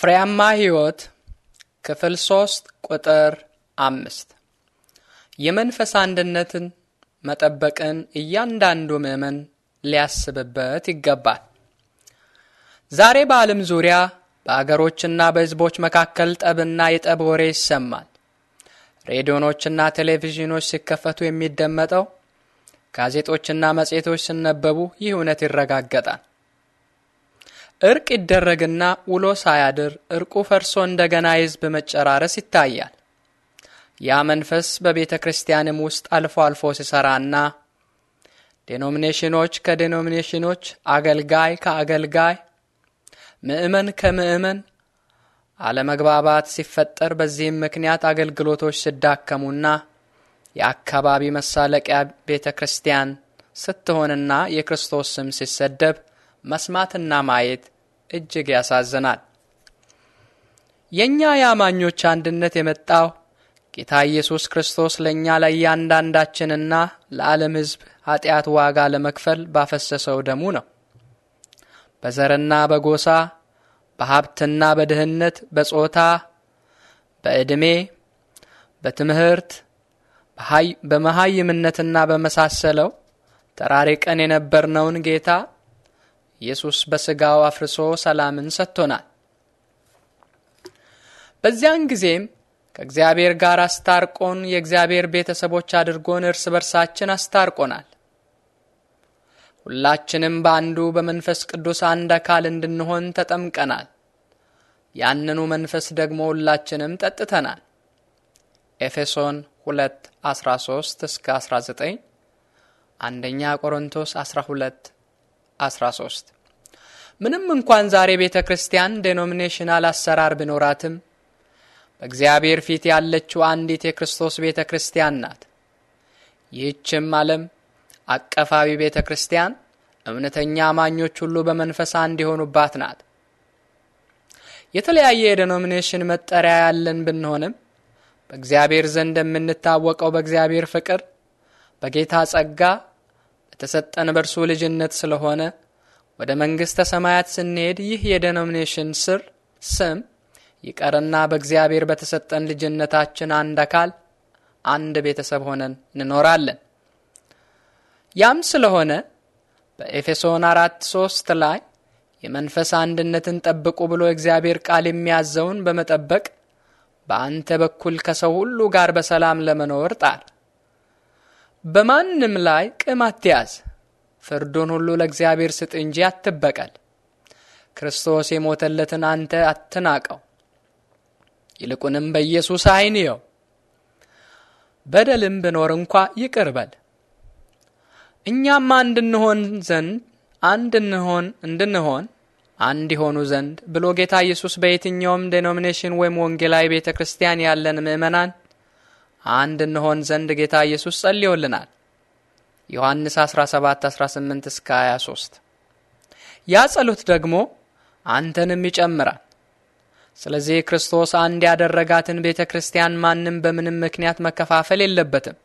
ፍሬያማ ሕይወት ክፍል ሶስት ቁጥር አምስት የመንፈስ አንድነትን መጠበቅን እያንዳንዱ ምእመን ሊያስብበት ይገባል። ዛሬ በዓለም ዙሪያ በአገሮችና በሕዝቦች መካከል ጠብና የጠብ ወሬ ይሰማል። ሬዲዮኖችና ቴሌቪዥኖች ሲከፈቱ የሚደመጠው፣ ጋዜጦችና መጽሔቶች ሲነበቡ ይህ እውነት ይረጋገጣል። እርቅ ይደረግና ውሎ ሳያድር እርቁ ፈርሶ እንደገና የሕዝብ መጨራረስ ይታያል። ያ መንፈስ በቤተ ክርስቲያንም ውስጥ አልፎ አልፎ ሲሰራና ዴኖሚኔሽኖች ከዴኖሚኔሽኖች፣ አገልጋይ ከአገልጋይ፣ ምእመን ከምእመን አለመግባባት ሲፈጠር በዚህም ምክንያት አገልግሎቶች ሲዳከሙና የአካባቢ መሳለቂያ ቤተ ክርስቲያን ስትሆንና የክርስቶስ ስም ሲሰደብ መስማትና ማየት እጅግ ያሳዝናል። የእኛ የአማኞች አንድነት የመጣው ጌታ ኢየሱስ ክርስቶስ ለእኛ ለእያንዳንዳችንና ለዓለም ሕዝብ ኃጢአት ዋጋ ለመክፈል ባፈሰሰው ደሙ ነው። በዘርና በጎሳ በሀብትና በድህነት በጾታ በዕድሜ በትምህርት በመሐይምነትና በመሳሰለው ተራሪ ቀን የነበርነውን ጌታ ኢየሱስ በሥጋው አፍርሶ ሰላምን ሰጥቶናል። በዚያን ጊዜም ከእግዚአብሔር ጋር አስታርቆን የእግዚአብሔር ቤተሰቦች አድርጎን እርስ በርሳችን አስታርቆናል። ሁላችንም በአንዱ በመንፈስ ቅዱስ አንድ አካል እንድንሆን ተጠምቀናል። ያንኑ መንፈስ ደግሞ ሁላችንም ጠጥተናል። ኤፌሶን 2 13 እስከ 19 አንደኛ ቆሮንቶስ 12 13 ምንም እንኳን ዛሬ ቤተ ክርስቲያን ዴኖሚኔሽናል አሰራር ቢኖራትም በእግዚአብሔር ፊት ያለችው አንዲት የክርስቶስ ቤተ ክርስቲያን ናት። ይህችም ዓለም አቀፋዊ ቤተ ክርስቲያን እምነተኛ አማኞች ሁሉ በመንፈሳ እንዲሆኑባት ናት። የተለያየ የዴኖሚኔሽን መጠሪያ ያለን ብንሆንም በእግዚአብሔር ዘንድ የምንታወቀው በእግዚአብሔር ፍቅር፣ በጌታ ጸጋ፣ የተሰጠን በእርሱ ልጅነት ስለሆነ ወደ መንግሥተ ሰማያት ስንሄድ ይህ የዴኖሚኔሽን ስር ስም ይቀርና በእግዚአብሔር በተሰጠን ልጅነታችን አንድ አካል አንድ ቤተሰብ ሆነን እንኖራለን። ያም ስለሆነ በኤፌሶን አራት ሶስት ላይ የመንፈስ አንድነትን ጠብቁ ብሎ እግዚአብሔር ቃል የሚያዘውን በመጠበቅ በአንተ በኩል ከሰው ሁሉ ጋር በሰላም ለመኖር ጣር በማንም ላይ ቅም አትያዝ፣ ፍርዱን ሁሉ ለእግዚአብሔር ስጥ እንጂ አትበቀል። ክርስቶስ የሞተለትን አንተ አትናቀው፣ ይልቁንም በኢየሱስ ዓይን የው በደልም ብኖር እንኳ ይቅርበል። እኛም አንድ እንሆን ዘንድ አንድ እንሆን እንድንሆን አንድ የሆኑ ዘንድ ብሎ ጌታ ኢየሱስ በየትኛውም ዴኖሚኔሽን ወይም ወንጌላዊ ቤተ ክርስቲያን ያለን ምእመናን አንድ እንሆን ዘንድ ጌታ ኢየሱስ ጸልዮልናል። ዮሐንስ 17 18 እስከ 23። ያ ጸሎት ደግሞ አንተንም ይጨምራል። ስለዚህ ክርስቶስ አንድ ያደረጋትን ቤተ ክርስቲያን ማንም በምንም ምክንያት መከፋፈል የለበትም።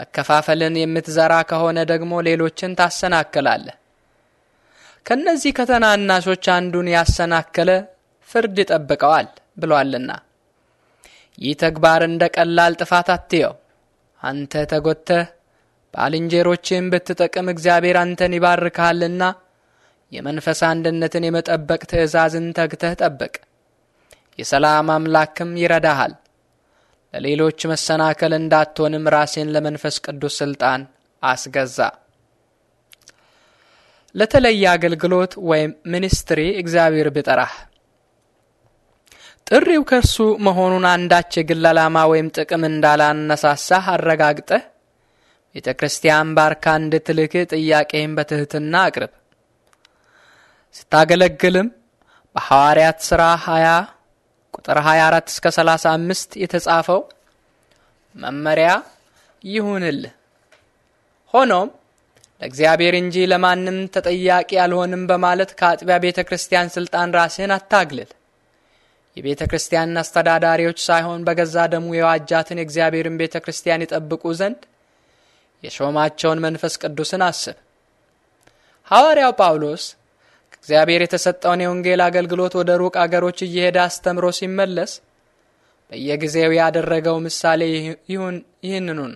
መከፋፈልን የምትዘራ ከሆነ ደግሞ ሌሎችን ታሰናክላለህ። ከእነዚህ ከተናናሾች አንዱን ያሰናከለ ፍርድ ይጠብቀዋል ብሏልና ይህ ተግባር እንደ ቀላል ጥፋት አትየው። አንተ ተጎተህ ባልንጀሮችህን ብትጠቅም እግዚአብሔር አንተን ይባርካልና የመንፈስ አንድነትን የመጠበቅ ትእዛዝን ተግተህ ጠብቅ። የሰላም አምላክም ይረዳሃል። ለሌሎች መሰናከል እንዳትሆንም ራሴን ለመንፈስ ቅዱስ ሥልጣን አስገዛ። ለተለየ አገልግሎት ወይም ሚኒስትሪ እግዚአብሔር ቢጠራህ ጥሪው ከእርሱ መሆኑን አንዳች የግል ዓላማ ወይም ጥቅም እንዳላነሳሳህ አረጋግጠህ ቤተ ክርስቲያን ባርካ እንድትልክ ጥያቄህን በትህትና አቅርብ። ስታገለግልም በሐዋርያት ሥራ 20 ቁጥር 24 እስከ 35 የተጻፈው መመሪያ ይሁንልህ። ሆኖም ለእግዚአብሔር እንጂ ለማንም ተጠያቂ አልሆንም በማለት ከአጥቢያ ቤተ ክርስቲያን ሥልጣን ራስህን አታግልል። የቤተ ክርስቲያን አስተዳዳሪዎች ሳይሆን በገዛ ደሙ የዋጃትን የእግዚአብሔርን ቤተ ክርስቲያን ይጠብቁ ዘንድ የሾማቸውን መንፈስ ቅዱስን አስብ። ሐዋርያው ጳውሎስ ከእግዚአብሔር የተሰጠውን የወንጌል አገልግሎት ወደ ሩቅ አገሮች እየሄደ አስተምሮ ሲመለስ በየጊዜው ያደረገው ምሳሌ ይህንኑን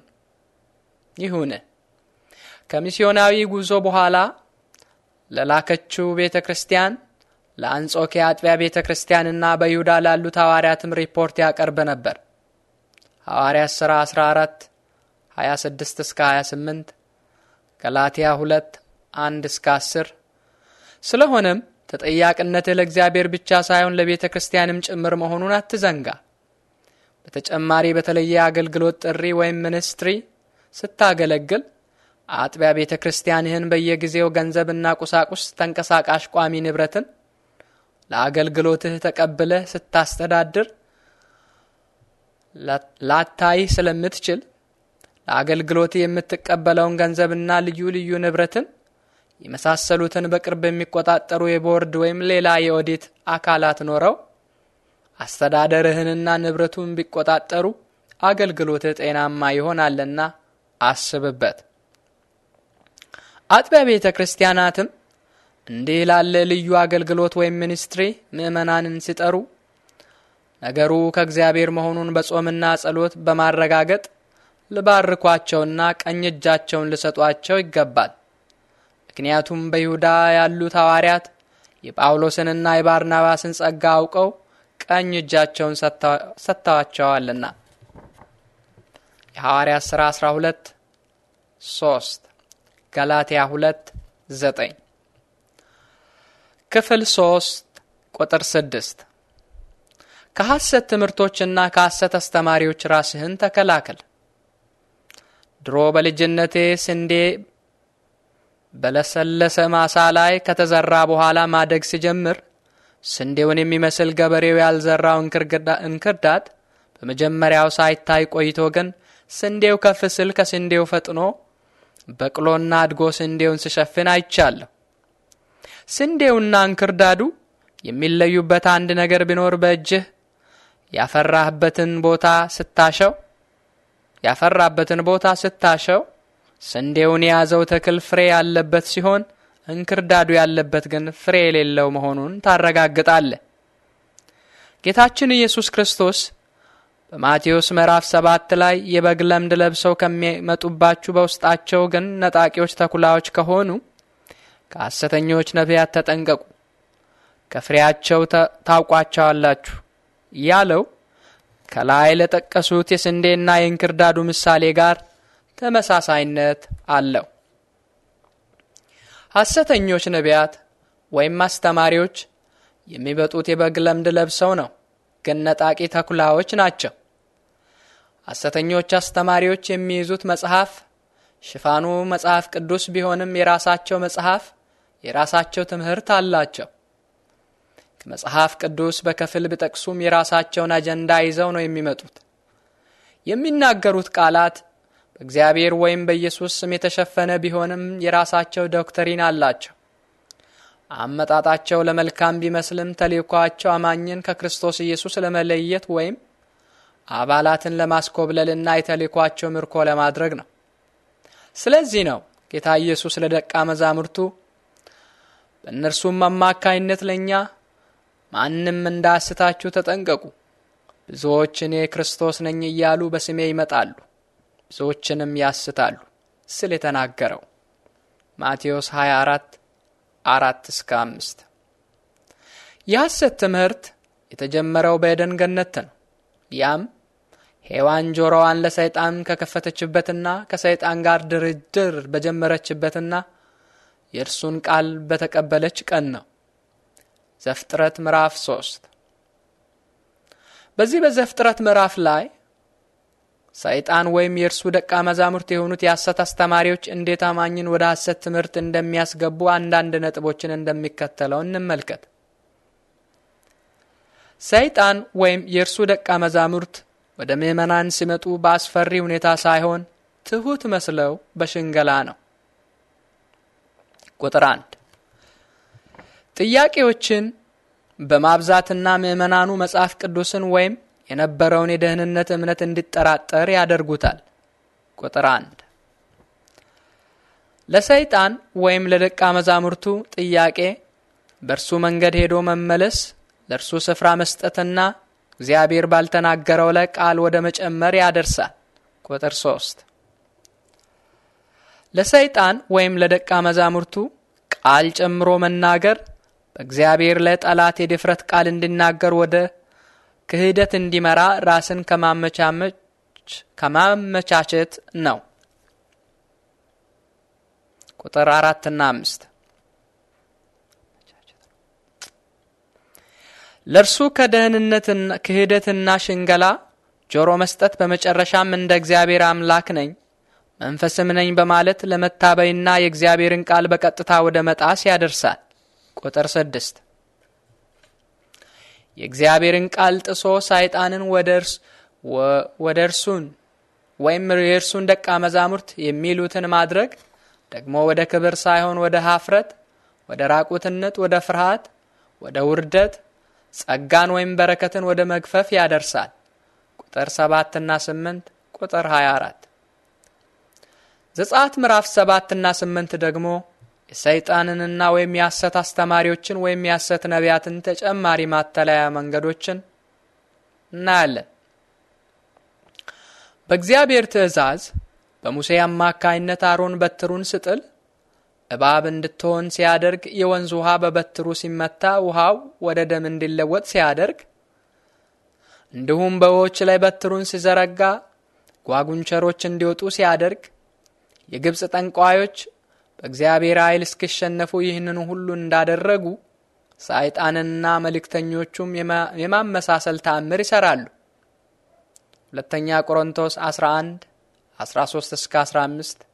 ይሁን። ከሚስዮናዊ ጉዞ በኋላ ለላከችው ቤተ ክርስቲያን ለአንጾኪያ አጥቢያ ቤተ ክርስቲያንና በይሁዳ ላሉት ሐዋርያትም ሪፖርት ያቀርብ ነበር። ሐዋርያት ሥራ 14 26 እስከ 28 ገላትያ 2 1 እስከ 10 ስለሆነም ተጠያቂነትህ ለእግዚአብሔር ብቻ ሳይሆን ለቤተ ክርስቲያንም ጭምር መሆኑን አትዘንጋ። በተጨማሪ በተለየ አገልግሎት ጥሪ ወይም ሚኒስትሪ ስታገለግል አጥቢያ ቤተ ክርስቲያንህን በየጊዜው ገንዘብና ቁሳቁስ፣ ተንቀሳቃሽ ቋሚ ንብረትን ለአገልግሎትህ ተቀብለህ ስታስተዳድር ላታይህ ስለምትችል ለአገልግሎትህ የምትቀበለውን ገንዘብና ልዩ ልዩ ንብረትን የመሳሰሉትን በቅርብ የሚቆጣጠሩ የቦርድ ወይም ሌላ የኦዲት አካላት ኖረው አስተዳደርህንና ንብረቱን ቢቆጣጠሩ አገልግሎትህ ጤናማ ይሆናልና አስብበት። አጥቢያ ቤተ ክርስቲያናትም እንዲህ ላለ ልዩ አገልግሎት ወይም ሚኒስትሪ ምእመናንን ሲጠሩ ነገሩ ከእግዚአብሔር መሆኑን በጾምና ጸሎት በማረጋገጥ ልባርኳቸውና ቀኝ እጃቸውን ልሰጧቸው ይገባል። ምክንያቱም በይሁዳ ያሉት ሐዋርያት የጳውሎስንና የባርናባስን ጸጋ አውቀው ቀኝ እጃቸውን ሰጥተዋቸዋልና። የሐዋርያት ሥራ 12 3 ገላትያ 2 9 ክፍል 3 ቁጥር 6 ከሐሰት ትምህርቶችና ከሐሰት አስተማሪዎች ራስህን ተከላከል። ድሮ በልጅነቴ ስንዴ በለሰለሰ ማሳ ላይ ከተዘራ በኋላ ማደግ ሲጀምር ስንዴውን የሚመስል ገበሬው ያልዘራው እንክርዳት በመጀመሪያው ሳይታይ ቆይቶ ግን ስንዴው ከፍ ስል ከስንዴው ፈጥኖ በቅሎና አድጎ ስንዴውን ሲሸፍን አይቻለሁ። ስንዴውና እንክርዳዱ የሚለዩበት አንድ ነገር ቢኖር በእጅህ ያፈራህበትን ቦታ ስታሸው ያፈራበትን ቦታ ስታሸው ስንዴውን የያዘው ተክል ፍሬ ያለበት ሲሆን እንክርዳዱ ያለበት ግን ፍሬ የሌለው መሆኑን ታረጋግጣለ። ጌታችን ኢየሱስ ክርስቶስ በማቴዎስ ምዕራፍ ሰባት ላይ የበግ ለምድ ለብሰው ከሚመጡባችሁ በውስጣቸው ግን ነጣቂዎች ተኩላዎች ከሆኑ ከሐሰተኞች ነቢያት ተጠንቀቁ፣ ከፍሬያቸው ታውቋቸዋላችሁ ያለው ከላይ ለጠቀሱት የስንዴና የእንክርዳዱ ምሳሌ ጋር ተመሳሳይነት አለው። ሐሰተኞች ነቢያት ወይም አስተማሪዎች የሚበጡት የበግ ለምድ ለብሰው ነው፣ ግን ነጣቂ ተኩላዎች ናቸው። ሐሰተኞች አስተማሪዎች የሚይዙት መጽሐፍ ሽፋኑ መጽሐፍ ቅዱስ ቢሆንም የራሳቸው መጽሐፍ የራሳቸው ትምህርት አላቸው። ከመጽሐፍ ቅዱስ በከፊል ቢጠቅሱም የራሳቸውን አጀንዳ ይዘው ነው የሚመጡት። የሚናገሩት ቃላት በእግዚአብሔር ወይም በኢየሱስ ስም የተሸፈነ ቢሆንም የራሳቸው ዶክትሪን አላቸው። አመጣጣቸው ለመልካም ቢመስልም ተልእኳቸው አማኝን ከክርስቶስ ኢየሱስ ለመለየት ወይም አባላትን ለማስኮብለልና የተልእኳቸው ምርኮ ለማድረግ ነው። ስለዚህ ነው ጌታ ኢየሱስ ለደቀ መዛሙርቱ በእነርሱም አማካይነት ለእኛ ማንም እንዳስታችሁ ተጠንቀቁ። ብዙዎች እኔ ክርስቶስ ነኝ እያሉ በስሜ ይመጣሉ፣ ብዙዎችንም ያስታሉ ስል የተናገረው ማቴዎስ 24 4 እስከ 5። የሐሰት ትምህርት የተጀመረው በኤደን ገነት ነው። ያም ሔዋን ጆሮዋን ለሰይጣን ከከፈተችበትና ከሰይጣን ጋር ድርድር በጀመረችበትና የእርሱን ቃል በተቀበለች ቀን ነው። ዘፍጥረት ምዕራፍ 3 በዚህ በዘፍጥረት ምዕራፍ ላይ ሰይጣን ወይም የእርሱ ደቀ መዛሙርት የሆኑት የሐሰት አስተማሪዎች እንዴት አማኝን ወደ ሐሰት ትምህርት እንደሚያስገቡ አንዳንድ ነጥቦችን እንደሚከተለው እንመልከት። ሰይጣን ወይም የእርሱ ደቀ መዛሙርት ወደ ምዕመናን ሲመጡ በአስፈሪ ሁኔታ ሳይሆን ትሑት መስለው በሽንገላ ነው። ቁጥር አንድ ጥያቄዎችን በማብዛትና ምዕመናኑ መጽሐፍ ቅዱስን ወይም የነበረውን የደህንነት እምነት እንዲጠራጠር ያደርጉታል። ቁጥር አንድ ለሰይጣን ወይም ለደቀ መዛሙርቱ ጥያቄ በእርሱ መንገድ ሄዶ መመለስ፣ ለእርሱ ስፍራ መስጠትና እግዚአብሔር ባልተናገረው ላይ ቃል ወደ መጨመር ያደርሳል። ቁጥር ሶስት ለሰይጣን ወይም ለደቀ መዛሙርቱ ቃል ጨምሮ መናገር በእግዚአብሔር ላይ ጠላት የድፍረት ቃል እንዲናገር ወደ ክህደት እንዲመራ ራስን ከማመቻቸት ነው። ቁጥር አራትና አምስት ለእርሱ ከደህንነትና ክህደትና ሽንገላ ጆሮ መስጠት በመጨረሻም እንደ እግዚአብሔር አምላክ ነኝ መንፈስም ነኝ በማለት ለመታበይና የእግዚአብሔርን ቃል በቀጥታ ወደ መጣስ ያደርሳል። ቁጥር ስድስት የእግዚአብሔርን ቃል ጥሶ ሰይጣንን ወደ እርሱን ወይም የእርሱን ደቀ መዛሙርት የሚሉትን ማድረግ ደግሞ ወደ ክብር ሳይሆን ወደ ሀፍረት፣ ወደ ራቁትነት፣ ወደ ፍርሃት፣ ወደ ውርደት፣ ጸጋን ወይም በረከትን ወደ መግፈፍ ያደርሳል። ቁጥር ሰባትና ስምንት ቁጥር 24 ዘጸአት ምዕራፍ ሰባትና ስምንት ደግሞ የሰይጣንንና ወይም የሐሰት አስተማሪዎችን ወይም የሐሰት ነቢያትን ተጨማሪ ማተለያ መንገዶችን እናያለን። በእግዚአብሔር ትእዛዝ በሙሴ አማካይነት አሮን በትሩን ስጥል እባብ እንድትሆን ሲያደርግ፣ የወንዝ ውሃ በበትሩ ሲመታ ውሃው ወደ ደም እንዲለወጥ ሲያደርግ፣ እንዲሁም በውኆች ላይ በትሩን ሲዘረጋ ጓጉንቸሮች እንዲወጡ ሲያደርግ የግብፅ ጠንቋዮች በእግዚአብሔር ኃይል እስኪሸነፉ ይህንኑ ሁሉ እንዳደረጉ ሳይጣንና መልእክተኞቹም የማመሳሰል ተአምር ይሰራሉ። ሁለተኛ ቆሮንቶስ 11 13 እስከ 15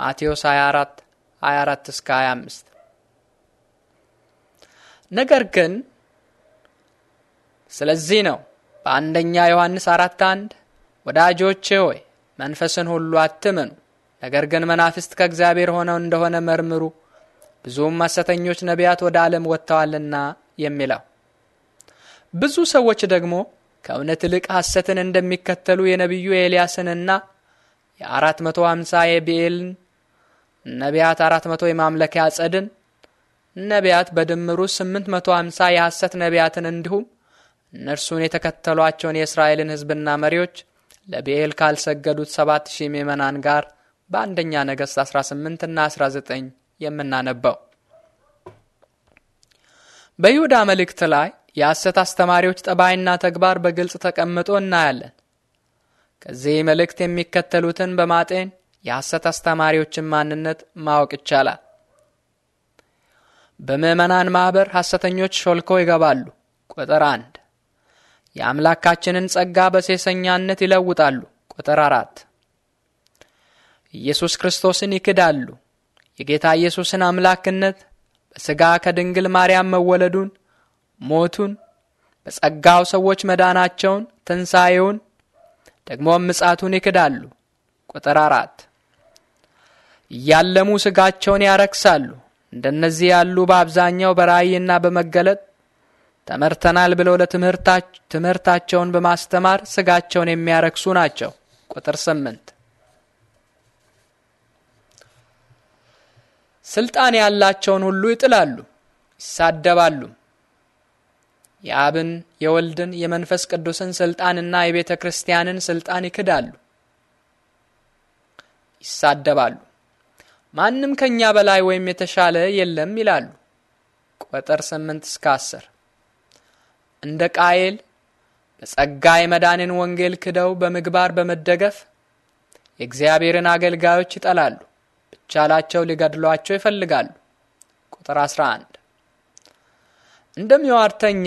ማቴዎስ 24 24 እስከ 25 ነገር ግን ስለዚህ ነው በአንደኛ ዮሐንስ አራት አንድ ወዳጆቼ ሆይ መንፈስን ሁሉ አትመኑ ነገር ግን መናፍስት ከእግዚአብሔር ሆነው እንደሆነ መርምሩ፣ ብዙም ሐሰተኞች ነቢያት ወደ ዓለም ወጥተዋልና የሚለው ብዙ ሰዎች ደግሞ ከእውነት ይልቅ ሐሰትን እንደሚከተሉ የነቢዩ ኤልያስንና የአራት መቶ ሀምሳ የብኤልን ነቢያት አራት መቶ የማምለኪያ ጸድን ነቢያት በድምሩ ስምንት መቶ ሀምሳ የሐሰት ነቢያትን እንዲሁም እነርሱን የተከተሏቸውን የእስራኤልን ሕዝብና መሪዎች ለብኤል ካልሰገዱት ሰባት ሺህ ምዕመናን ጋር በአንደኛ ነገሥት 18 እና 19 የምናነበው። በይሁዳ መልእክት ላይ የሐሰት አስተማሪዎች ጠባይና ተግባር በግልጽ ተቀምጦ እናያለን። ከዚህ መልእክት የሚከተሉትን በማጤን የሐሰት አስተማሪዎችን ማንነት ማወቅ ይቻላል። በምዕመናን ማኅበር ሐሰተኞች ሾልኮ ይገባሉ። ቁጥር አንድ የአምላካችንን ጸጋ በሴሰኛነት ይለውጣሉ። ቁጥር አራት ኢየሱስ ክርስቶስን ይክዳሉ። የጌታ ኢየሱስን አምላክነት፣ በሥጋ ከድንግል ማርያም መወለዱን፣ ሞቱን፣ በጸጋው ሰዎች መዳናቸውን፣ ትንሣኤውን፣ ደግሞም ምጻቱን ይክዳሉ። ቁጥር አራት እያለሙ ሥጋቸውን ያረክሳሉ። እንደነዚህ ያሉ በአብዛኛው በራእይና በመገለጥ ተመርተናል ብለው ለትምህርታቸውን በማስተማር ሥጋቸውን የሚያረክሱ ናቸው። ቁጥር ስምንት ስልጣን ያላቸውን ሁሉ ይጥላሉ፣ ይሳደባሉ። የአብን የወልድን የመንፈስ ቅዱስን ስልጣንና የቤተ ክርስቲያንን ስልጣን ይክዳሉ፣ ይሳደባሉ። ማንም ከእኛ በላይ ወይም የተሻለ የለም ይላሉ። ቁጥር 8 እስከ 10 እንደ ቃየል በጸጋ የመዳንን ወንጌል ክደው በምግባር በመደገፍ የእግዚአብሔርን አገልጋዮች ይጠላሉ። ቻላቸው ሊገድሏቸው ይፈልጋሉ። ቁጥር 11 እንደም የዋርተኛ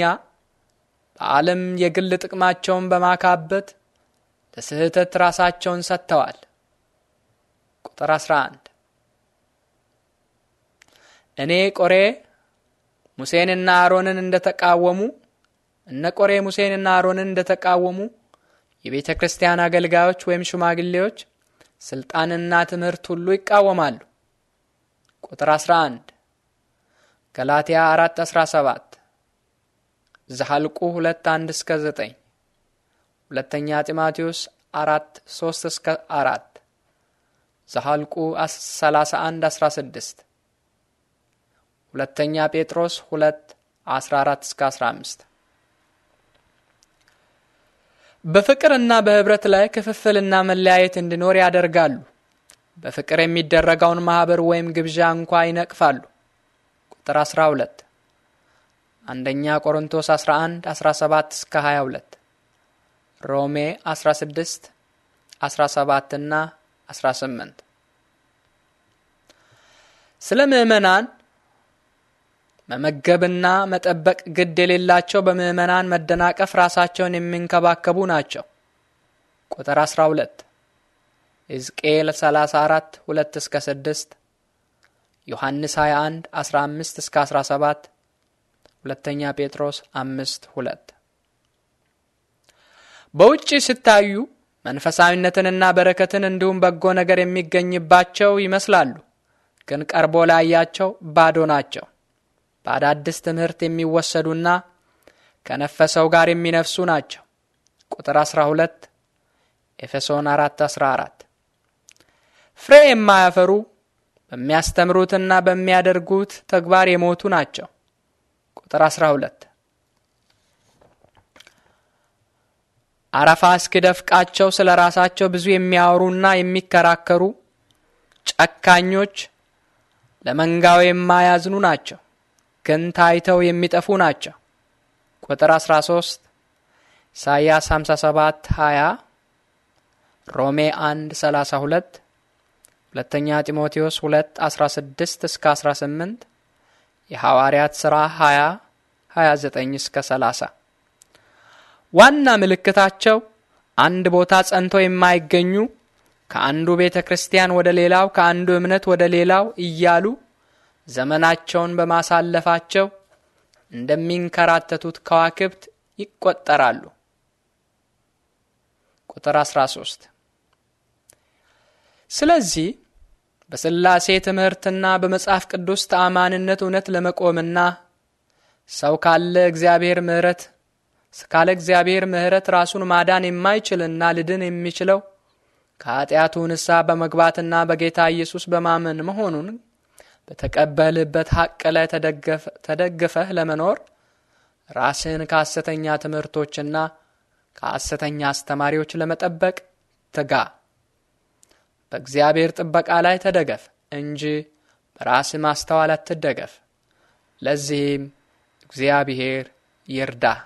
በዓለም የግል ጥቅማቸውን በማካበት ለስህተት ራሳቸውን ሰጥተዋል። ቁጥር 11 እኔ ቆሬ ሙሴንና አሮንን እንደተቃወሙ እነ ቆሬ ሙሴንና አሮንን እንደተቃወሙ የቤተ ክርስቲያን አገልጋዮች ወይም ሽማግሌዎች ስልጣንና ትምህርት ሁሉ ይቃወማሉ። ቁጥር 11 ገላትያ 4 17 ዘሐልቁ 2 1 እስከ 9 ሁለተኛ ጢማቴዎስ 4 3 እስከ 4 ዘሐልቁ 31 16 ሁለተኛ ጴጥሮስ 2 14 እስከ 15 በፍቅርና በህብረት ላይ ክፍፍልና መለያየት እንዲኖር ያደርጋሉ። በፍቅር የሚደረገውን ማህበር ወይም ግብዣ እንኳ ይነቅፋሉ። ቁጥር 12 አንደኛ ቆሮንቶስ 11 17 እስከ 22 ሮሜ 16 17 እና 18 ስለ ምዕመናን መመገብና መጠበቅ ግድ የሌላቸው በምዕመናን መደናቀፍ ራሳቸውን የሚንከባከቡ ናቸው። ቁጥር 12 ሕዝቅኤል 34 2 እስከ 6 ዮሐንስ 21 15 እስከ 17 ሁለተኛ ጴጥሮስ 5 2 በውጪ ስታዩ መንፈሳዊነትንና በረከትን እንዲሁም በጎ ነገር የሚገኝባቸው ይመስላሉ፣ ግን ቀርቦ ላያቸው ባዶ ናቸው። በአዳዲስ ትምህርት የሚወሰዱና ከነፈሰው ጋር የሚነፍሱ ናቸው። ቁጥር 12 ኤፌሶን 4 14 ፍሬ የማያፈሩ በሚያስተምሩትና በሚያደርጉት ተግባር የሞቱ ናቸው። ቁጥር 12 አረፋ እስኪደፍቃቸው ስለ ራሳቸው ብዙ የሚያወሩና የሚከራከሩ ጨካኞች፣ ለመንጋው የማያዝኑ ናቸው። ግን ታይተው የሚጠፉ ናቸው። ቁጥር 13 ኢሳይያስ 57 20 ሮሜ 1 32 ሁለተኛ ጢሞቴዎስ 2 16 እስከ 18 የሐዋርያት ሥራ 20 29 እስከ 30 ዋና ምልክታቸው አንድ ቦታ ጸንቶ የማይገኙ ከአንዱ ቤተ ክርስቲያን ወደ ሌላው ከአንዱ እምነት ወደ ሌላው እያሉ ዘመናቸውን በማሳለፋቸው እንደሚንከራተቱት ከዋክብት ይቆጠራሉ። ቁጥር 13 ስለዚህ በሥላሴ ትምህርትና በመጽሐፍ ቅዱስ ተአማንነት እውነት ለመቆምና ሰው ካለ እግዚአብሔር ምሕረት ካለ እግዚአብሔር ምሕረት ራሱን ማዳን የማይችልና ልድን የሚችለው ከኃጢአቱ ንስሐ በመግባትና በጌታ ኢየሱስ በማመን መሆኑን በተቀበልበት ሐቅ ላይ ተደግፈህ ለመኖር ራስህን ከሐሰተኛ ትምህርቶችና ከሐሰተኛ አስተማሪዎች ለመጠበቅ ትጋ። በእግዚአብሔር ጥበቃ ላይ ተደገፍ እንጂ በራስ ማስተዋል አትደገፍ። ለዚህም እግዚአብሔር ይርዳህ።